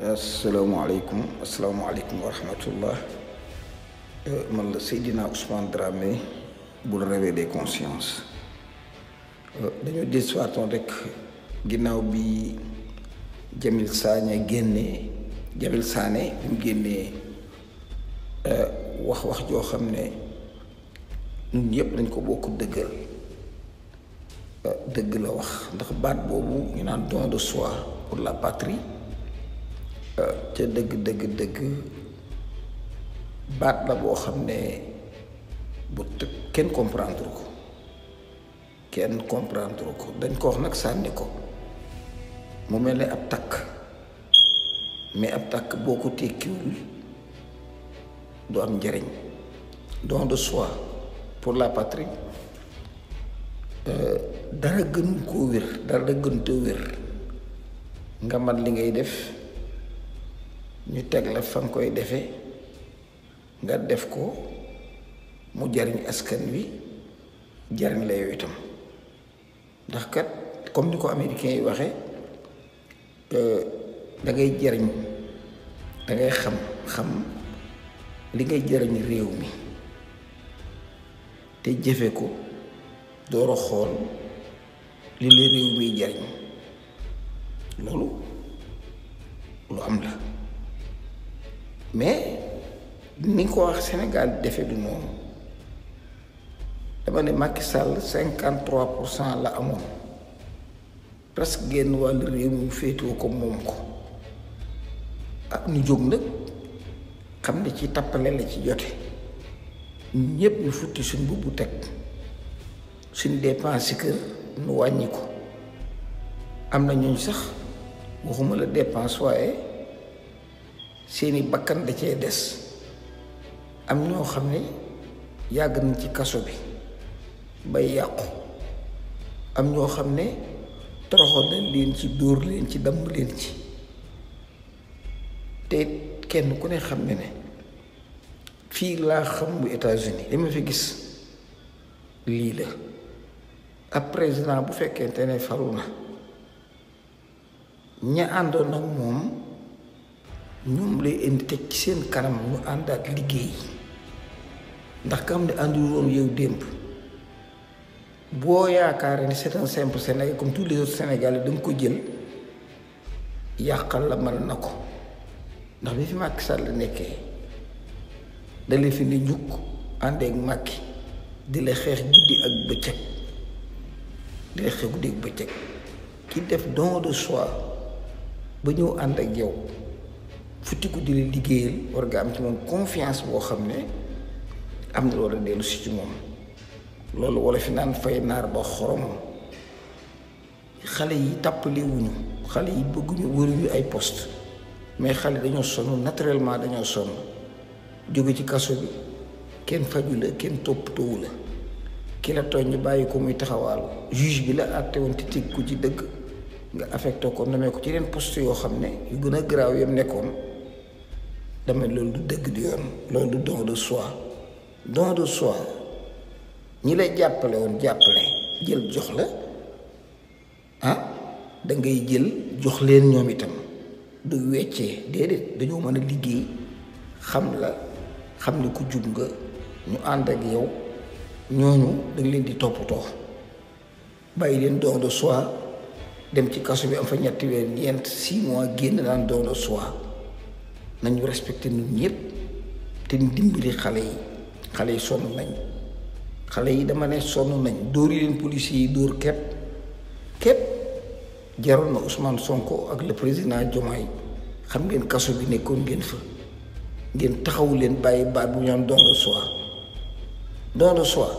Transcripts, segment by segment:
asalaamaaleykum asalaamaaleykum wa rahmatullah euh, man la Seydina Ousmane Dramé bu réveil des consciences euh, dañoo diswaatoon rek ginnaaw bi Jamil Sané génnee Jamil saane bi génnee wax wax joo xam ne ñun ñëpp dañ ko bokk dëggal euh, dëgg la wax ndax baat boobu ñu naan don de soi pour la patrie ca dëgg dëgg dëgg baat la boo xam ne bu tëb kenn comprendre ko kenn comprendre ko dañ ko wax nag sànni ko mu mel ne ab takk mais ab takk boo ko tekkiwul du am njëriñ don de soi pour la patrie euh, dara gën koo wér dara gën te wér nga man li ngay def ñu teg la fa koy defee nga def ko mu jariñ askan wi jariñ la yow ndax kat comme ni ko américain yi waxee waxe dangay jariñ dangay xam xam li ngay jariñ réew mi te jëfe ko door xool li la réew miy jariñ loolu lu am la mais ni nga ko wax Sénégal defe du noonu dama ne Macky Sall cinquante trois pour cent la amoon presque génn wàllu réew mi féetoo ko moom ko ah ñu jóg nag xam ne ci tappale la ci jote ñëpp ñu futti suñ bubbu teg suñ dépense kër nu wàññi ko am na ñu sax waxuma la dépense waaye seeni bakkan da cee des am ñoo xam ne yàgg na ci kaso bi ba yàqu am ñoo xam ne toroxoon nañ leen ci dóor leen ci damm leen ci te kenn ku ne xam ne ne fii laa xam bu États-Unis li ma fi gis lii la ab président bu fekkente ne faru na ña àndoon ak moom ñoom lay indi teg ci seen kanam mu àndaat liggéey ndax kam ne àndul woon yow démb boo yaakaare ni c'est un simple sénégal comme tous les autres sénégalais da ko jël yàqal la mën na ko ndax bi fi Macky Sall nekkee da la fi ne ñukk àndeeg Macky di la xeex guddi ak bëccëg di la xeex guddi ak bëccëg ki def don de soi ba ñëw ànd ak yow futtiku di la liggéeyal war nga am ci moom confiance boo xam ne am na loolu dellu si ci moom loolu wala fi naan fay naar ba xorom xale yi tàppalewuñu xale yi bëgguñu wëruñu ay post mais xale dañoo sonn naturellement dañoo sonn jóge ci kaso bi kenn faju la kenn toppatoowu la ki la tooñ ñu bàyyi ko muy taxawaalu juge bi la àtte woon te ku ci dëgg nga affecté ko namee ko ci yeneen poste yoo xam ne yu gën a garaaw yam nekkoon du du yoon loolu du de soi don de soi ñi lay jàppale woon jàppale jël jox la ah da ngay jël jox leen ñoom itam du weccee déedéet dañoo mën a liggéey xam la xam ne ku jub nga ñu ànd ak yow ñooñu da leen di toppatoo bàyyi leen don de soi dem ci kaso bi am fa ñetti weer ñeent six mois génn daan don de soi nañu respecté ñun ñëpp te dimbali xale yi xale yi sonn nañ xale yi dama ne sonn nañ dóori leen policiers yi dóor képp képp jaroon na Ousmane Sonko ak le président Diomaye xam ngeen kaso bi nekkoon ngeen fa ngeen taxawu leen bàyyi baat bu ñu am don de soi don de soi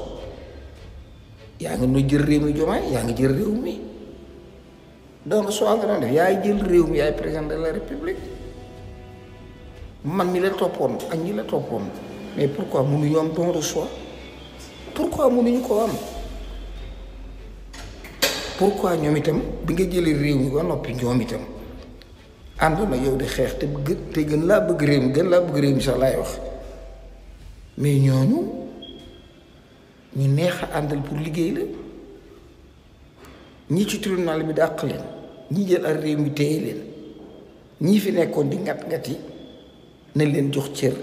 yaa ngi nu jël réew mi Diomaye yaa ngi jël réew mi don de soi nga def yaay jël réew mi yaay président de la république man mi la toppoon ak ñi la toppoon mais pourquoi mënuñu am don de soi pourquoi mënuñu ko am pourquoi ñom itam bi nga jëlee réew mi ba noppi ñom itam ànd yow de xex te gë te gën la bëgg réew gën la bëgg réew mi sax wax mais ñooñu ñu neex andal pour liggéey la ñi ci tribunal bi dàq leen ñi jël ak réew mi téye leen ñi fi nekkoon di ngat-ngat yi. nañ leen jox cër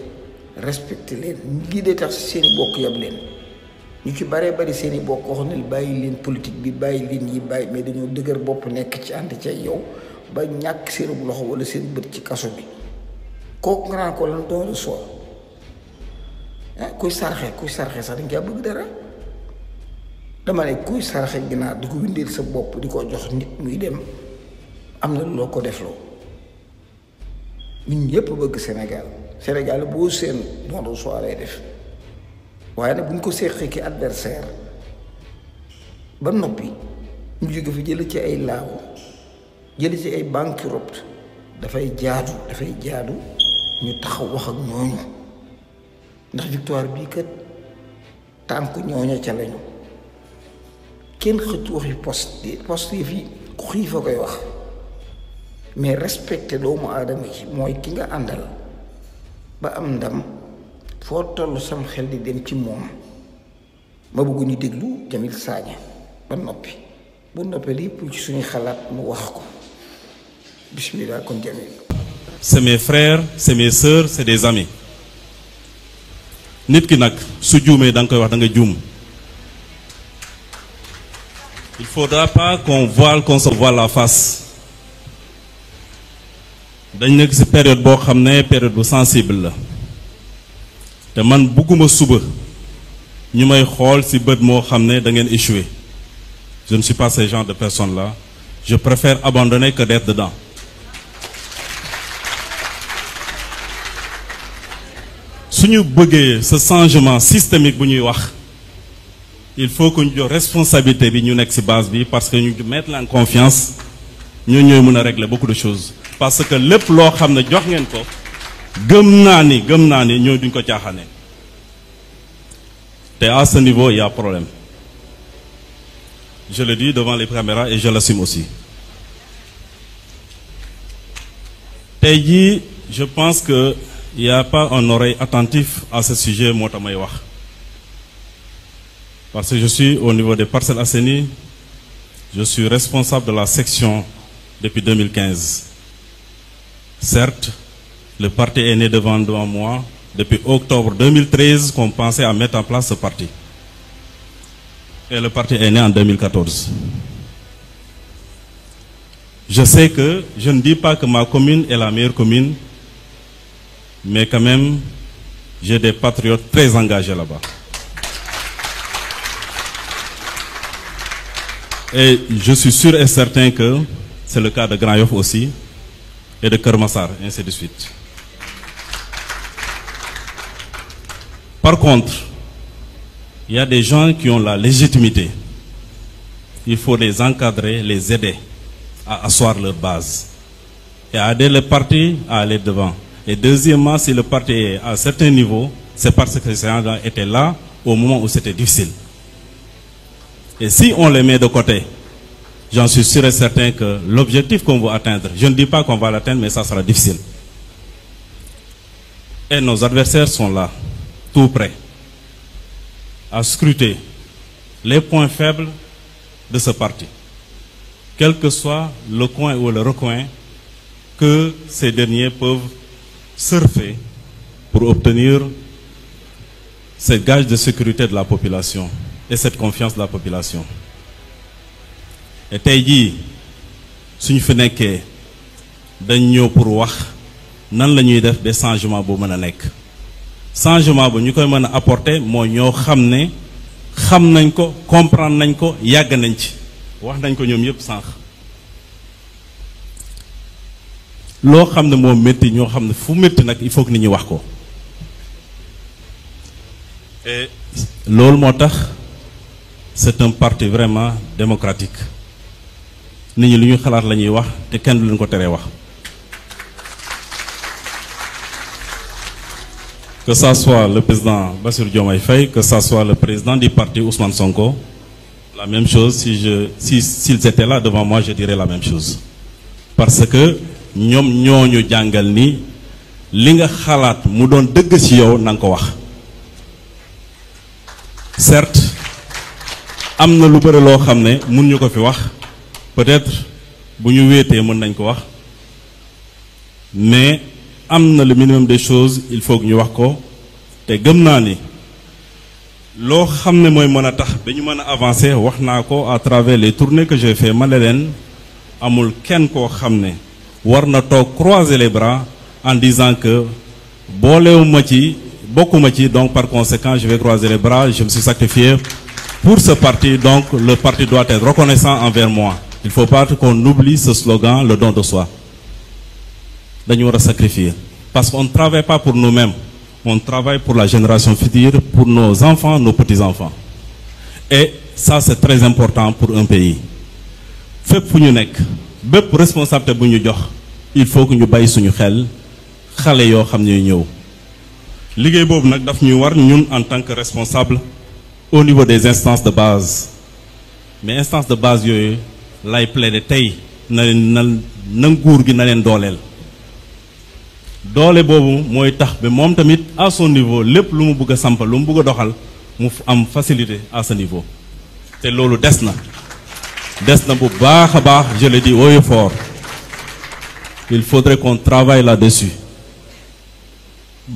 respecté leen lii dee tax seen bokk yab leen ñu ci baree bari seen i bokk wax ne bàyyi leen politique bi bàyyi leen yi bàyyi mais dañoo dëgër bopp nekk ci ànd ci yow ba ñàkk seen loxo wala seen bët ci kaso bi kooku nga naan ko lan doon soor eh, kuy sarxe kuy sarxe sax dañ caa bëgg dara dama ne kuy sarxe ginaar di ko windeel sa bopp di ko jox nit muy dem am na loo ko defloo. ñun ñëpp bëgg Sénégal Sénégal boo seen monde soit lay def waaye nag bu ñu ko seqee ki adversaire ba noppi ñu jóge fi jël ci ay laaw jël ci ay banqueroute dafay jaadu dafay jaadu ñu taxaw wax ak ñooñu ndax victoire bii kat tànk ñooña ca lañu kenn xëcc waxi poste poste yi fi ku xiif a koy wax mais respecter doomu yi mooy ki nga àndal ba am ndam foo sam xel di dem ci moom ma Jamil ba ci suñu mu wax ko bismillah c'est mes frères c'est mes soeurs, c'est des amis nit ki nag su juumee da nga koy wax da nga il faudra pas qu'on voile qu'on se voile la face dañ nekk ci période boo xam ne période bu sensible la te man bugguma suba ñu may xool ci bët moo xam échoué je ne suis pas ce genre de personne là je préfère abandonner que d'être dedans suñu bëggee ce changement systémique bu ñuy wax il faut que ñu la responsabilité bi ñu nekk base parce que ñu mettre la en confiance nous ñooy régler beaucoup de choses parce que lepp lo ne jox ko à ce niveau il y a problème je le dis devant les caméras et je l'assume aussi je pense que n'y a pas un oreille attentif à ce sujet mota parce que je suis au niveau des Parcelles Assainies je suis responsable de la section depuis 2015 Certes, le parti est né devant, moi depuis octobre 2013 qu'on pensait à mettre en place ce parti. Et le parti est né en 2014. Je sais que je ne dis pas que ma commune est la meilleure commune, mais quand même, j'ai des patriotes très engagés là-bas. Et je suis sûr et certain que c'est le cas de Grand aussi et de Kermassar, ainsi de suite. Par contre, il y a des gens qui ont la légitimité. Il faut les encadrer, les aider à asseoir leur base et aider le parti à aller devant. Et deuxièmement, si le parti est à certain niveaux, c'est parce que ces gens étaient là au moment où c'était difficile. Et si on les met de côté, j'en suis sûr et certain que l'objectif qu'on veut atteindre, je ne dis pas qu'on va l'atteindre, mais ça sera difficile. Et nos adversaires sont là, tout prêts, à scruter les points faibles de ce parti, quel que soit le coin ou le recoin que ces derniers peuvent surfer pour obtenir ce gage de sécurité de la population et cette confiance de la population. Et tey jii suñu fi nekkee dañ ñëw pour wax nan la ñuy def ba changement bu mën a nekk changement bu ñu koy mën a apporter moo ñoo xam ne xam nañ ko comprendre nañ ko yàgg nañ ci wax nañ ko ñoom yëpp sànq loo xam ne moo ñoo xam fu métti nag il faut que nit wax ko et loolu moo c'est un parti vraiment démocratique nous ñi lu ñu xalaat la ñuy wax te kenn du que ça soit le président Bassir Diomaye Faye que ça soit le président du parti Ousmane Sonko la même chose si je si s'ils étaient là devant moi je dirais la même chose parce que nous, ñooñu jàngal ni li nga xalaat mu doon dëgg ci yow ko wax certes am na lu bëri loo xam ne ñu ko peut-être bu ñu wéetee mën nañ ko wax mais amna le minimum des choses il faut que nous wax ko te gëm na ni lo xamné moy mëna tax ba à travers les tournées que j'ai fait ma leen amul kenn ko xamné war les bras en disant que boolewuma ci bokkuma ci donc par conséquent je vais croiser les bras je me suis sacrifié pour ce parti donc le parti doit être reconnaissant envers moi il ne faut pas qu'on oublie ce slogan le don de soi Nous devons sacrifier parce qu'on ne travaille pas pour nous-mêmes on travaille pour la génération future pour nos enfants nos petits-enfants et ça c'est très important pour un pays Il faut que nous il faut que nous soyons suñu xel nous en tant que responsable au niveau des instances de base mais instances de base lay plaider tey na na na nguur gi na leen dolel doole boobu mooy tax tamit à son niveau les lu mu bëgg a samp lu mu bëgg doxal mu am facilité à ce niveau té lolu des na des na bu baax baax je le dis haut et fort il faudrait qu'on travaille là-dessus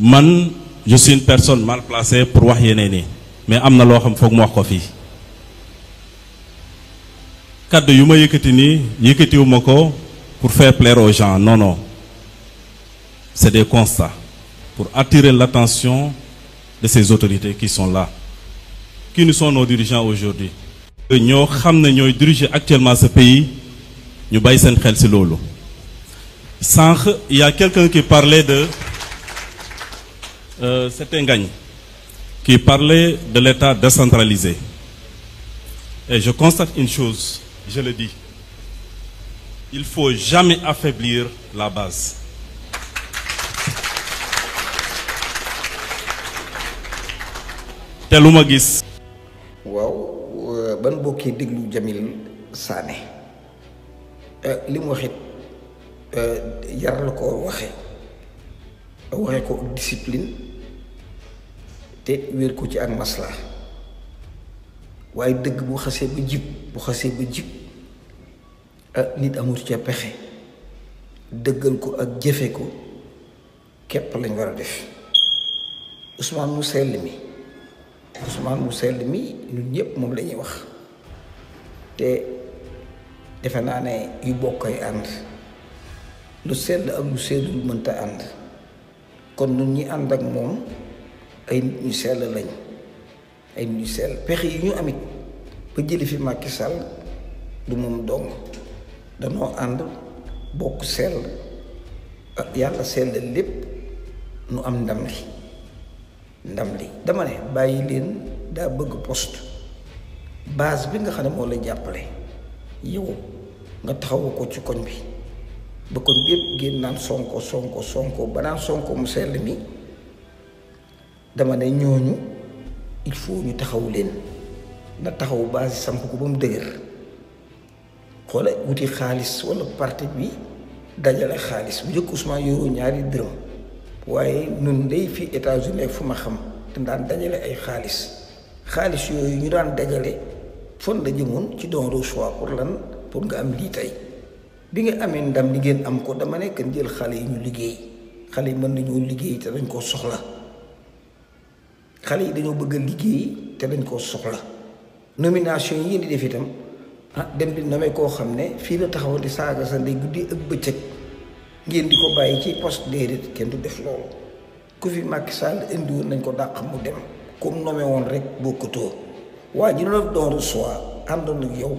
man je suis une personne mal placée pour wax yeneen ni mais amna lo xam fokk mo wax ko kaddu yuma yekati ni pour faire plaire aux gens non non c'est des constats pour attirer l'attention de ces autorités qui sont là qui nous sont nos dirigeants aujourd'hui ñoo nous ñoy actuellement ce pays ñu bay sen xel ci lolu il y a quelqu'un qui parlait de euh, C'est un gagne. qui parlait de l'État décentralisé et je constate une chose je le dis, il faut jamais affaiblir la base. te lu gis. Wow, euh, ban bokkee déglu Jamil Sané euh, li mu wax it euh, yar la ko waxe waxe ko discipline té wéer ko ci ak masla? waaye dëgg bu xasee ba jib bu xasee ba jib ah nit amul ca pexe dëggal ko ak jëfe ko képp lañ war a def Ousmane mu sell mi Ousmane mu sell mi ñun ñëpp moom lañuy wax te defe naa ne yu bokkay ànd lu sell ak lu sellul mënta ànd kon ñun ñi ànd ak moom ay nit ñu sell lañ ay ministères pexe yi ñu amit ba jëli fi Macky Sall du moom dong danoo ànd bokk sell ah, yàlla sell lépp nu am ndam li ndam li dama ne bàyyi leen daa bëgg post base bi nga xam ne moo la jàppale yow nga taxawu ko ci koñ bi ba koñ bi génn naan sonko sonko sonko banaan sonko mu sell mi dama ne ñooñu il faut ñu taxawu leen na taxaw base samp ko ba mu dëgër xoola wuti xaalis wala parti bi dajale xaalis bu njëkk Ousmane yoroo ñaari dërëm waaye nun day fii États-Unis fu ma xam te daan dajale ay xaalis xaalis yooyu ñu daan dajale fon la jëmoon ci doon de pour lan pour nga am lii tey bi nga amee ndam li ngeen am ko dama nekk jël xale yi ñu liggéey xale yi mën nañoo liggéey te dañ koo soxla xale yi dañoo bëgg a liggéey te dañ koo soxla nomination yi ngeen di def itam ah dem di namee koo xam ne fii la taxaw di saaga sa ndey guddi ak bëccëg ngeen di ko bàyyi ci poste déedéet kenn du def loolu ku fi Macky Sall indi woon nañ ko dàq mu dem comme nommé woon rek bokkutoo waa ji loolu doon soit àndoon ak yow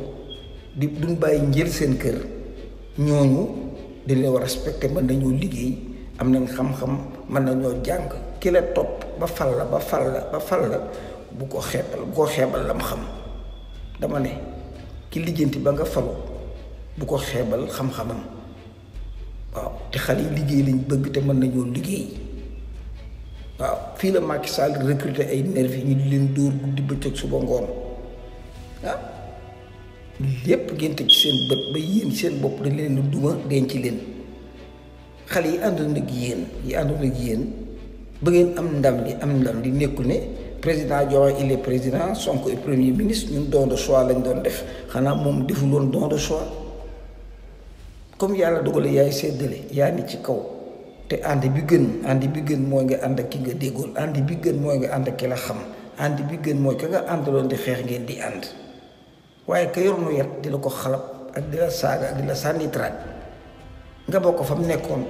di duñ bàyyi njël seen kër ñooñu di la war respecté mën nañoo liggéey am nañ xam-xam mën nañoo jàng ki la topp ba fal la ba fal la bu ko xeebal bu ko xeebal la xam dama ne ki lijjanti ba nga falu bu ko xeebal xam-xamam waaw te xale yi liggéey lañ bëgg te mën nañoo liggéey waaw fii la Macky Sall recruter ay nervi ñu di leen dóor guddi bëccëg suba ngoon ah lépp ngeen teg ci seen bët ba yéen seen bopp dañ leen duma denc leen xale yi àndoon ak yéen yi àndoon ak yéen. ba ngeen am ndam li am ndam li nekku ne président Diomaye il est président Sonko est premier ministre ñun don de choix lañ doon def xanaa moom defu loon don de choix comme yàlla dogale yaay séddale yaa ni ci kaw te ànd bi gën ànd bi gën mooy nga ànd ak ki bi gën mooy ànd ak ki la xam ànd bi gën mooy ka nga àndaloon di xeex ngeen di ànd waaye ka yor nu yat di la ko xalab ak di la saaga di la sànni nga bokk fa mu nekkoon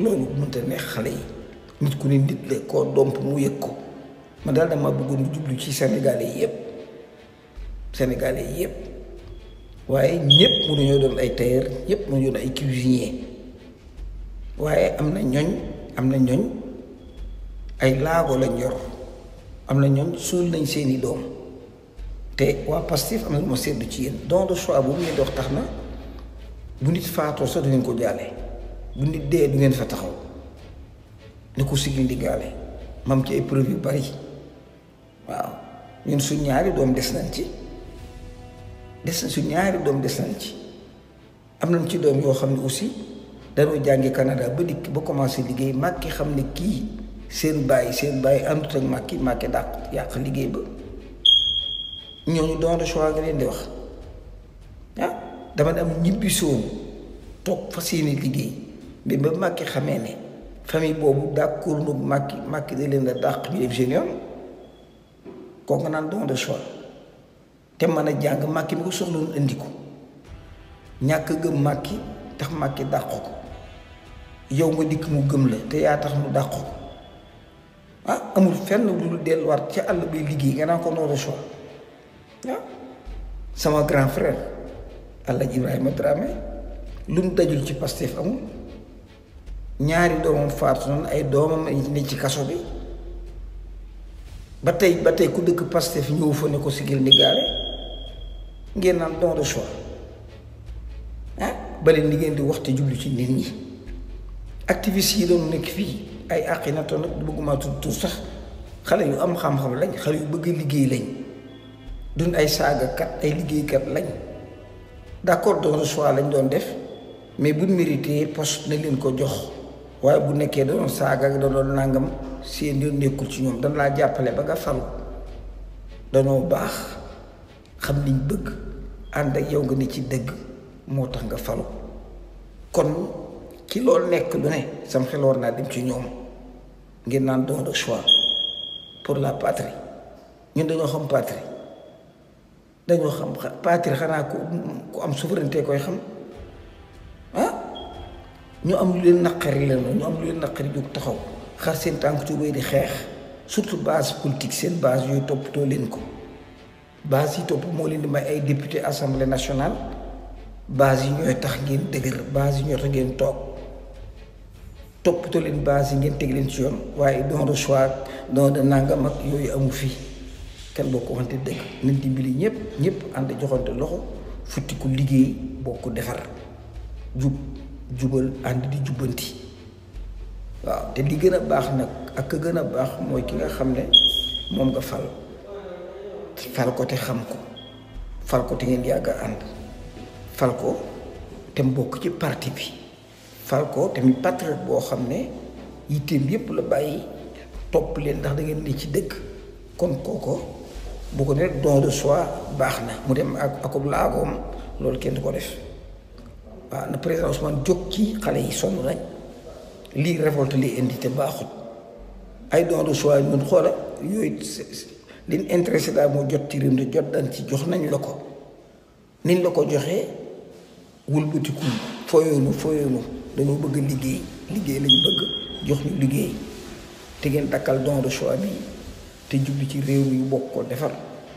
loolu mënta neex xale yi nit ku ne nit la koo domp mu yëg ko ma daal dama bëggoon ñu jublu ci Sénégalais yëpp Sénégalais yëpp waaye ñëpp mënuñoo doon ay tailleur ñëpp mu doon ay cuisinier waaye am na ñoñ am na ñoñ ay laago lañ yor am na ñoñ suul nañ seeni doom te waa Pastef am na lu ma seddu ci yéen don de choix boobu ngeen di wax tax na bu nit faatoo sax du ngeen ko jàllee bu nit dee du ngeen fa taxaw ni ko sigil ndiggaale mam ci ay preuve yu bari waaw ñun su ñaari doom des nañ ci des nañ suñ ñaari doom des nañ ci am nañ ci doom yoo xam ne aussi dañoo jàngi Canada ba dikk ba commencé liggéey màkki xam ne kii seen bàyyi seen bàyyi àndut ak màkki màkki dàq yàq liggéey ba ñooñu don nga leen di wax ah dama ne am ñibbi toog fas yéene liggéey mais ba màkki xamee ne famille boobu d'accord nu Macky Macky da leen la dàq ñu def seen yoon kooku nga naan don te mën a jàng Macky mi ko soxloon indi ko ñàkk gëm Macky tax Macky dàq ko yow nga dikk mu gëm la te yaa tax mu dàq ko ah amul fenn lu delluwaat ci àll bi liggéey nga naan ko don ah, sama grand frère El Hadj Ibrahima Dramé lu mu dajul ci Pastef amul. ñaari doomam faatu noonu ay doomam ne ci kaso bi ba tey ba tey ku dëkk Pastef ñëw fa ne ko sigil ni gaale ngeen naan don de choix ah bale ni ngeen di waxte jublu ci nit ñi activiste yi doon nekk fii ay àqi na toon nag bëgguma tudd tur sax xale yu am xam-xam lañ xale yu bëgg liggéey lañ duñ ay saagakat ay liggéeykat lañ d'accord don de choix lañ doon def mais bu mérité poste na leen ko jox waaye bu nekkee da doon saaga da doon nàngam seen yoon nekkul ci ñoom dañ laa jàppale ba nga falu danoo baax xam niñ bëgg ànd ak yow nga ne ci dëgg moo tax nga falu kon ci loolu nekk lu ne sam xel war naa dem ci ñoom ngir naan dox de choix pour la patrie ñun dañoo xam patrie dañoo xam patrie xanaa ku ku am souveraineté koy xam ah? ñu am lu leen naqari leen ñu am lu leen naqari jóg taxaw xar seen tànk tuubay di xeex surtout base politique seen base yooyu toppatoo leen ko base yi topp moo leen di may ay député assemblée nationale base yi ñooy tax ngeen dëgër base yi ñooy tax ngeen toog toppatoo leen base yi ngeen teg leen ci yoon waaye don de choix don de nangam ak yooyu amu fi kenn boo ko wante dëgg nañ dimbali ñëpp ñëpp ànd joxante loxo futti ku liggéey bokk defar jub jubal ànd di jubbanti waaw te li gën a baax nag ak ka gën a baax mooy ki nga xam ne moom nga fal fal ko te xam ko fal ko te ngeen yàgg a ànd fal ko te bokk ci parti bi fal ko tamit patriote boo xam ne yitteem yépp la bàyyi topp leen ndax dangeen li ci dëkk kon kooko bu ko ne rek don de soi baax na mu dem ak akob laagoom loolu kenn du ko def Bah, le président Ousmane jóg ci yi été révolte été indi ay de choix ñun yoy liñ intéressé daal jot ci réew jot été ci jox nañ été joxé wul été été dañu bëgg liggéey liggéey lañu bëgg jox ñu liggéey te choix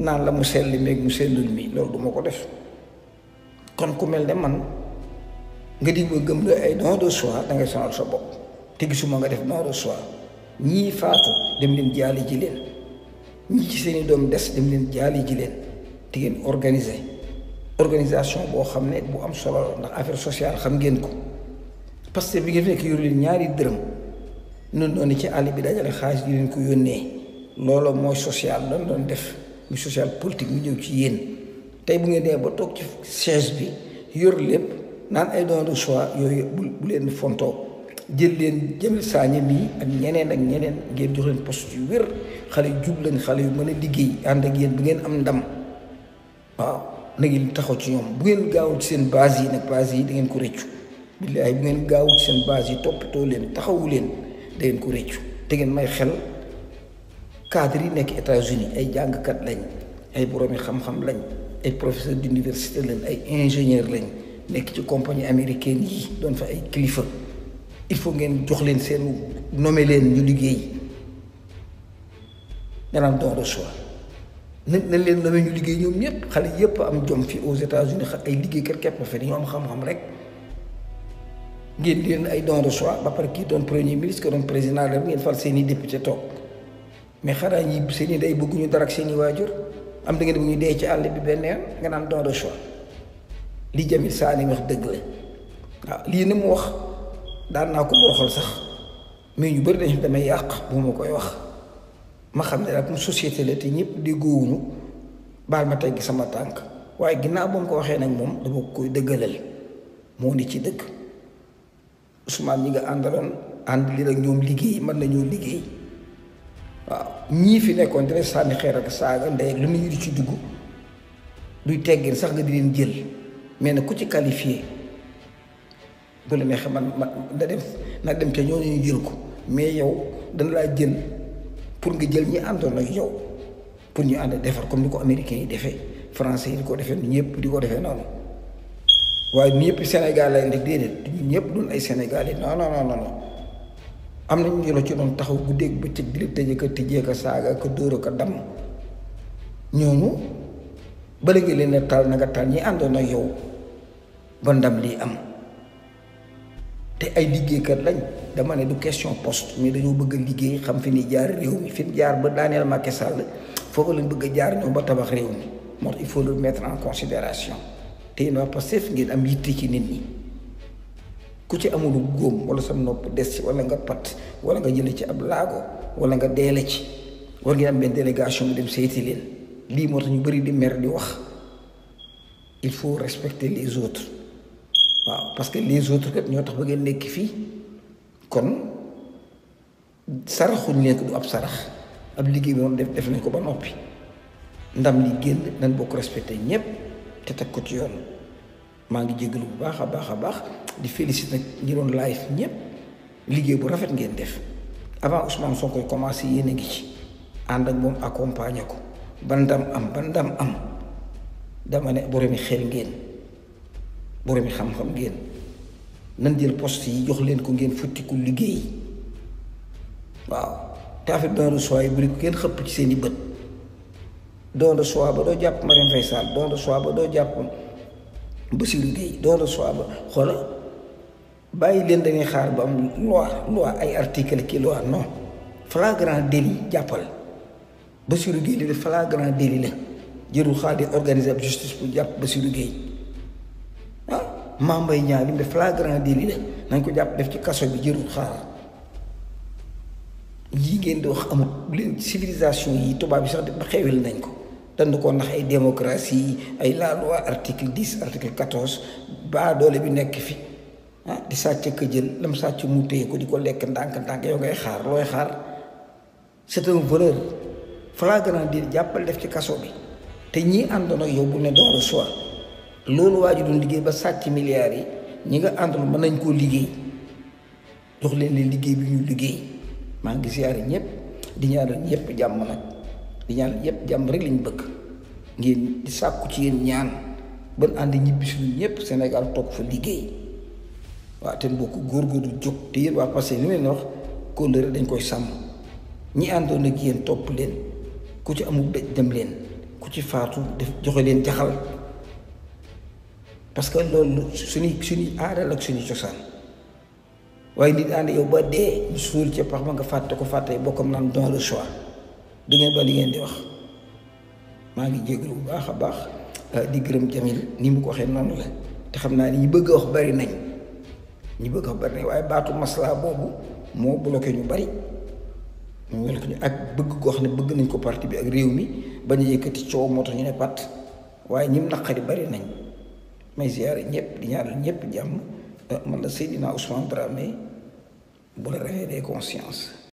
naan la mu sell meeg mu sellul mi loolu duma ko def kon ku mel ne man nga di ma gëm la ay don de soi da ngay sonal sa bopp te gisuma nga def don de soi ñii faatu dem leen jaali ji leen ñii ci seeni doom des dem leen jaali ji leen te ngeen organiser organisation boo xam ne bu am solo la ndax affaire sociale xam ngeen ko parce que bi ngeen fekk yor leen ñaari dërëm noonu doon ci àll bi dajale xaalis di leen ko yónnee loolu mooy social lan doon def muy social politique mu ñëw ci yéen tey bu ngeen demee ba toog ci chaise bi yor lépp naan ay don de choix yooyu bu bu leen fontoo jël leen jëmil saañe bi ak ñeneen ak ñeneen ngeen jox leen poste yu wér xale yu jub lañ xale yu mën a liggéey ànd ak yéen bu ngeen am ndam waaw na ngeen taxaw ci ñoom bu ngeen gaawul ci seen base yi nag base yi da ngeen ko rëccu billaay bu ngeen gaawul seen base yi toppatoo leen taxawu leen da ko rëccu te ngeen may xel cadres yi nekk États-Unis ay jàngkat lañ ay boroomi xam-xam lañ ay professeur d'université lañ ay ingénieur lañ nekk ci compagnie américaine yi doon fa ay kilifa il faut ngeen jox leen seen nommer leen ñu liggéey danaan don de choix nañ nañ leen nommer ñu liggéey ñoom ñëpp xale yëpp am jom fi aux États-Unis ay liggéeykat képp fa dañoo am xam-xam rek ngeen leen ay don de choix ba pare kii doon premier ministre que doon président rek ngeen fal seen i député toog mais xanaa ñi seen i day bëgguñu dara ak seen i waajur am da ngeen bëgg ñu dee ci àll bi benn yoon nga naan don de choix li Jamil Sané wax dëgg la waaw lii ni mu wax daan naa ko boroxal sax mais ñu bëri dañu damay yàq bu ma koy wax ma xam ne nag mu société la te ñëpp déggoowuñu baal ma teggi sama tànk waaye ginnaaw ba mu ko waxee nag moom dama koy dëggalal moo ni ci dëkk Ousmane ñi nga àndaloon ànd li rek ñoom liggéey mën nañoo liggéey ni fi nekkoon dina sànni xeer ak saaga ndey lu muy ci dugg duy teggin sax mais nag ku ci qualifié mais pour nga ñi pour ñu comme américains yi français yi di ko Sénégalais non non non non. am nañ ñu la ci doon taxaw guddeeg bëccëg di la tëjee ko tijjee ko saaga ko dooro ko dam ñooñu bala nga leen tal na nga tal ñi àndoon ak yow ba ndam lii am te ay liggéeykat lañ dama ne du question poste mais dañoo bëgg a liggéey xam fi ni jaar réew mi fi jaar ba Daniel Macky Sall foofu lañ bëgg jaar ñoom ba tabax réew mi moo il faut le mettre en considération te yéen waa Pastef ngeen am yitte ci nit ñi ku ci amulu góom wala sa nopp des ci wala nga pat wala nga jële ci ab laago wala nga deele ci war ngeen am benn délégation mu dem seeti leen lii moo tax ñu bëri di mer di wax il faut respecter les autres waaw parce que les autres ñoo tax ba ngeen nekk fii kon saraxuñ leen ab sarax ab liggéey moom def def nañ ko ba noppi ndam li génn nañ bokk respecté ñépp te teg ko ci yoon mangi ngi jégalu bu baax a baax a baax di félicite nag ñi doon live ñëpp liggéey bu rafet ngeen def avant Ousmane Sonko koy commencé yéen a ngi ci ànd ak moom accompagner ko ban am ban ndam am dama ne boromi xel ngeen boromi xam-xam ngeen nan jël poste yi jox leen ko ngeen ku liggéey waaw te affaire don de soi bu ko ngeen xëpp ci seen i bët doon de soi ba doo jàpp Marine Faye Sall don de soi ba doo jàpp Bassirou Gueye doon choix ba xoola bàyyi leen dañuy xaar ba am loi loi ay article ki loi non flagrant délit jàppal Bassirou Gueye li de flagrant délit la jëru xaar di jàpp Bassirou Gueye ah Mame Mbaye Niang li mu def flagrant délit la nañ ko jàpp def ci kaso bi jërul xaar yii ngeen di wax amul leen civilisation yi tubaab yi sax di xewel nañ ko dañ ko nax ay démocratie ay la loi article 10 article 14 ba doole bi nek fi ah di sàcc ke jël lam sàcc mu tey ko diko lek ndank ndank ndànk yow ngay xaar loy xaar c'est un voleur flagrant di jappal def ci kasso bi te ñi andono yow bu ne doon choix loolu waa ji doon liggéey ba sàcc milliards yi ñi nga àndoon man nañ ko liggéey dox leen li liggéey bi ñu liggéey ma ngi siyaare ñepp di ñaanal ñepp jamm nak di ñaan yépp jàmm rek lañ bëgg ngeen di sàkku ci yéen ñaan bën ànd ñibbi suñu ñëpp Sénégal toog fa liggéey waa ten bokk du jóg te yéen waa passé li leen wax kóllëre dañ koy sàmm ñi àndoon ak yéen topp leen ku ci amul bëj dem leen ku ci faatu def joxe leen jaxal parce que loolu suñuy suñuy aada ak suñuy cosaan waaye nit ànd yow ba dee ñu suul ci pax ma nga fàtte ko fàtte bokkam naan don le choix du ngeen ba li ngeen di wax maa ngi jégalu bu baax a baax euh, di gërëm Jamil ni mu ko waxee noonu la te xam naa ni ñi bëgg a wax bari nañ ñi bëgg a wax bari nañ waaye baatu maslaa boobu moo bloqué ñu bari ñu bloqué ñu ak bëgg ko wax ne bëgg nañ ko parti bi ak réew mi bañ a yëkkati coow moo tax ñu ne pat waaye ñim naqari bari nañ may ziyaare ñëpp di ñaanal ñëpp jàmm euh, man la Seydina Ousmane Dramé bu la réveillé conscience